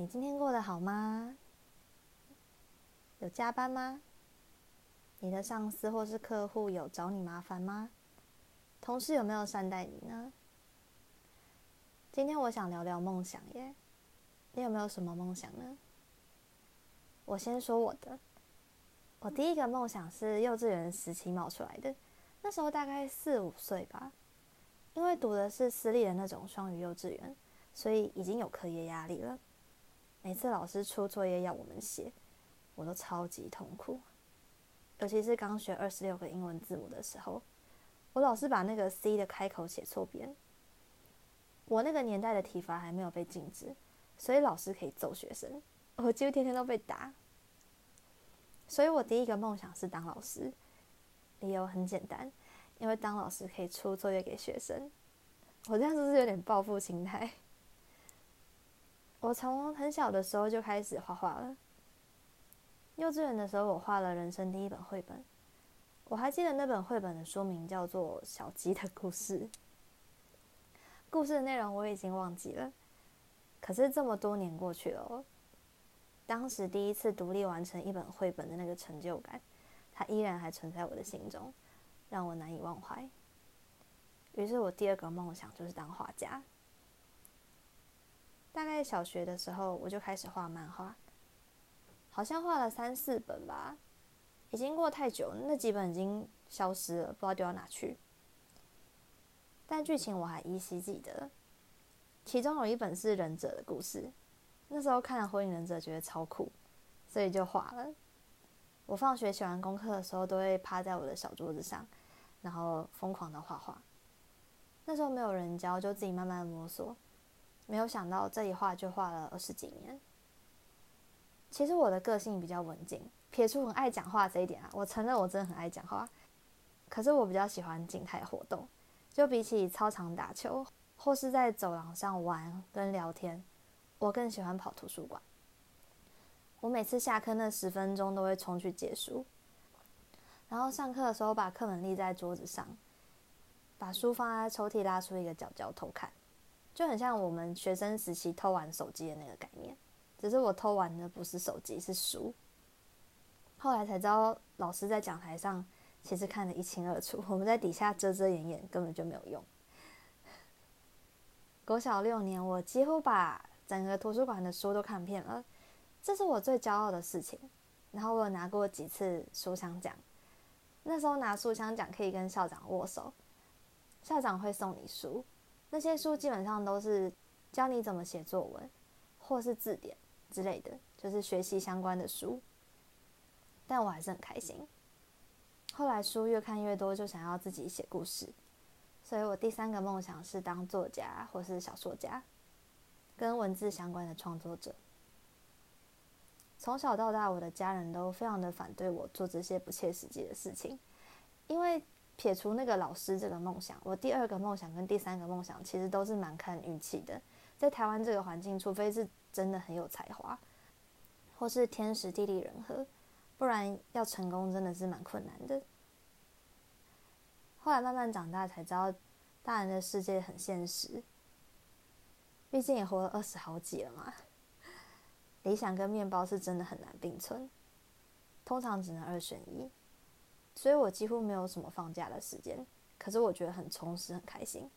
你今天過得好嗎？有加班嗎？你的上司或是客戶有找你麻煩嗎？同事有沒有善待你呢？今天我想聊聊夢想耶。你有沒有什麼夢想呢？我先說我的。我第一個夢想是幼稚園時期冒出來的，那時候大概四五歲吧。因為讀的是私立的那種雙語幼稚園，所以已經有課業壓力了。每次老師出作業要我們寫，我都超級痛苦。尤其是剛學二十六個英文字母的時候，我老是把那個 C 的開口寫錯邊。我那個年代的體罰還沒有被禁止，所以老師可以揍學生，我幾乎天天都被打。所以我第一個夢想是當老師，理由很簡單，因為當老師可以出作業給學生。我這樣是不是有點報復心態？我從很小的時候就開始畫畫了。幼稚園的時候，我畫了人生第一本繪本。我還記得那本繪本的書名叫做《小雞的故事》，故事的內容我已經忘記了。可是這麼多年過去了哦，當時第一次獨立完成一本繪本的那個成就感，它依然還存在我的心中，讓我難以忘懷。於是我第二個夢想就是當畫家。大概小學的時候，我就開始畫漫畫，好像畫了三四本吧，已經過太久，那幾本已經消失了，不知道丟到哪去。但劇情我還依稀記得，其中有一本是忍者的故事，那時候看了《火影忍者》，覺得超酷，所以就畫了。我放學寫完功課的時候，都會趴在我的小桌子上，然後瘋狂的畫畫。那時候沒有人教，就自己慢慢的摸索。沒有想到這一畫就畫了二十幾年。其實我的個性比較文靜，撇除很愛講話這一點啊，我承認我真的很愛講話。可是我比較喜歡靜態活動，就比起操場打球或是在走廊上玩跟聊天，我更喜歡跑圖書館。我每次下課那十分鐘都會衝去借書，然後上課的時候把課本立在桌子上，把書放在抽屜，拉出一個角角偷看。就很像我們學生時期偷玩手機的那個概念，只是我偷玩的不是手機，是書。後來才知道，老師在講台上其實看得一清二楚，我們在底下遮遮掩掩根本就沒有用。國小六年，我幾乎把整個圖書館的書都看遍了，這是我最驕傲的事情。然後我有拿過幾次書香獎，那時候拿書香獎可以跟校長握手，校長會送你書。那些書基本上都是教你怎麼寫作文，或是字典之類的，就是學習相關的書。但我還是很開心。後來書越看越多，就想要自己寫故事，所以我第三個夢想是當作家或是小說家，跟文字相關的創作者。從小到大，我的家人都非常的反對我做這些不切實際的事情，因為。撇除那個老師這個夢想，我第二個夢想跟第三個夢想其實都是蠻看運氣的。在台灣這個環境，除非是真的很有才華，或是天時地利人和，不然要成功真的是蠻困難的。後來慢慢長大才知道，大人的世界很現實。畢竟也活了二十好幾了嘛，理想跟麵包是真的很難並存，通常只能二選一。所以我幾乎沒有什麼放假的時間，可是我覺得很充實、很開心。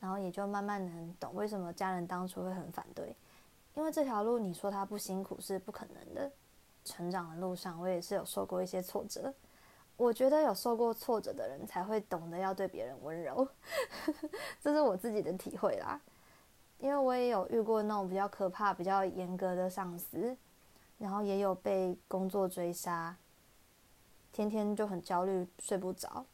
然後也就慢慢能懂為什麼家人當初會很反對，因為這條路你說他不辛苦是不可能的。成長的路上，我也是有受過一些挫折。我覺得有受過挫折的人才會懂得要對別人溫柔， 這是我自己的體會啦。因為我也有遇過那種比較可怕、比較嚴格的上司，然後也有被工作追殺。天天就很焦慮，睡不着。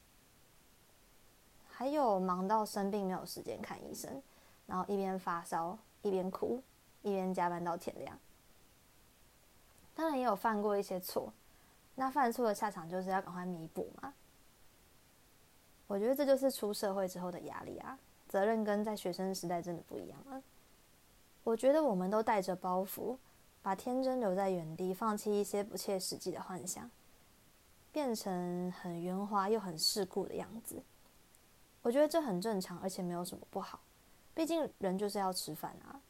還有忙到生病，沒有時間看醫生，然後一邊發燒一邊哭，一邊加班到天亮。當然也有犯過一些錯，那犯錯的下場就是要趕快彌補嘛。我覺得這就是出社會之後的壓力啊，責任跟在學生時代真的不一樣了啊。我覺得我們都帶着包袱，把天真留在原地，放棄一些不切實際的幻想。變成很圓滑又很世故的樣子，我覺得這很正常，而且沒有什麼不好。畢竟人就是要吃飯啊。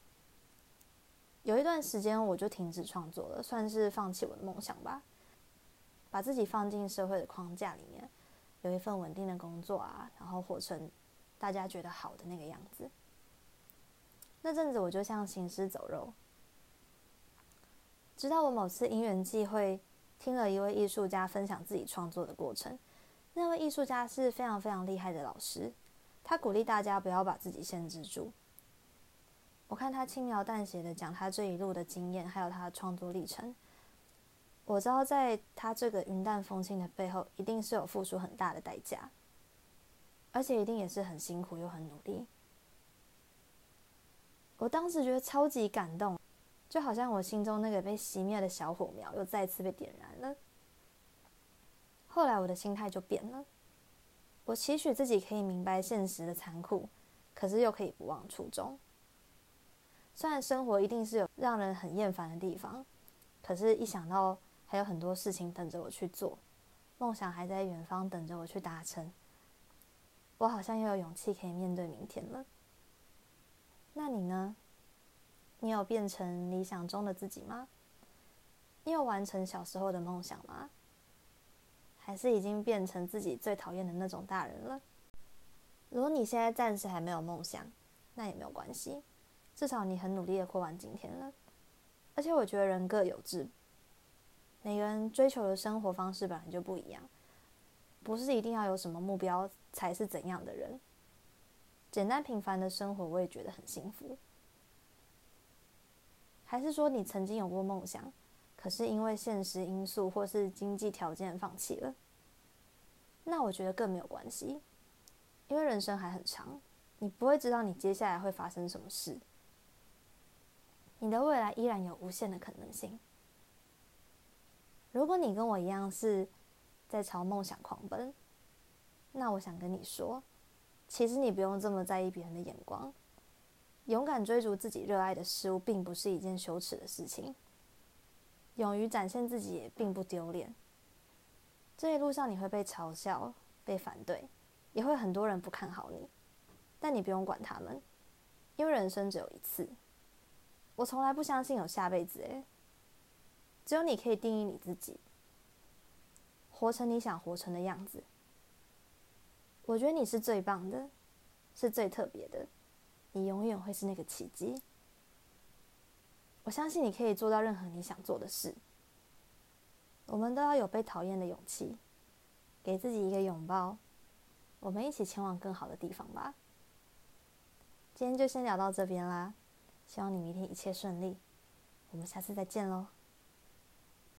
有一段時間，我就停止創作了，算是放棄我的夢想吧。把自己放進社會的框架裡面，有一份穩定的工作啊，然後活成大家覺得好的那個樣子。那陣子，我就像行屍走肉。直到我某次因緣際會。聽了一位藝術家分享自己創作的過程，那位藝術家是非常非常厲害的老師，他鼓勵大家不要把自己限制住。我看他輕描淡寫的講他這一路的經驗，還有他的創作歷程。我知道在他這個雲淡風輕的背後，一定是有付出很大的代價，而且一定也是很辛苦又很努力。我當時覺得超級感動。就好像我心中那個被熄滅的小火苗又再次被點燃了。後來我的心態就變了，我期許自己可以明白現實的殘酷，可是又可以不忘初衷。雖然生活一定是有讓人很厭煩的地方，可是，一想到還有很多事情等着我去做，夢想還在遠方等着我去達成，我好像又有勇氣可以面對明天了。那你呢？你有變成理想中的自己嗎？你有完成小時候的夢想嗎？還是已經變成自己最討厭的那種大人了？如果你現在暫時還沒有夢想，那也沒有關係，至少你很努力的過完今天了。而且我覺得人各有志，每個人追求的生活方式本來就不一樣，不是一定要有什麼目標才是怎樣的人。簡單平凡的生活，我也覺得很幸福。還是說你曾經有過夢想，可是因為現實因素或是經濟條件放棄了？那我覺得更沒有關係，因為人生還很長，你不會知道你接下來會發生什麼事，你的未來依然有無限的可能性。如果你跟我一樣是在朝夢想狂奔，那我想跟你說，其實你不用這麼在意別人的眼光。勇敢追逐自己熱愛的事物，並不是一件羞恥的事情。勇於展現自己也並不丟臉。這一路上你會被嘲笑、被反對，也會很多人不看好你，但你不用管他們，因為人生只有一次。我從來不相信有下輩子。欸，只有你可以定義你自己，活成你想活成的樣子。我覺得你是最棒的，是最特別的。你永遠會是那個奇蹟，我相信你可以做到任何你想做的事。我們都要有被討厭的勇氣，給自己一個擁抱，我們一起前往更好的地方吧。今天就先聊到這邊啦，希望你明天一切順利，我們下次再見嘍。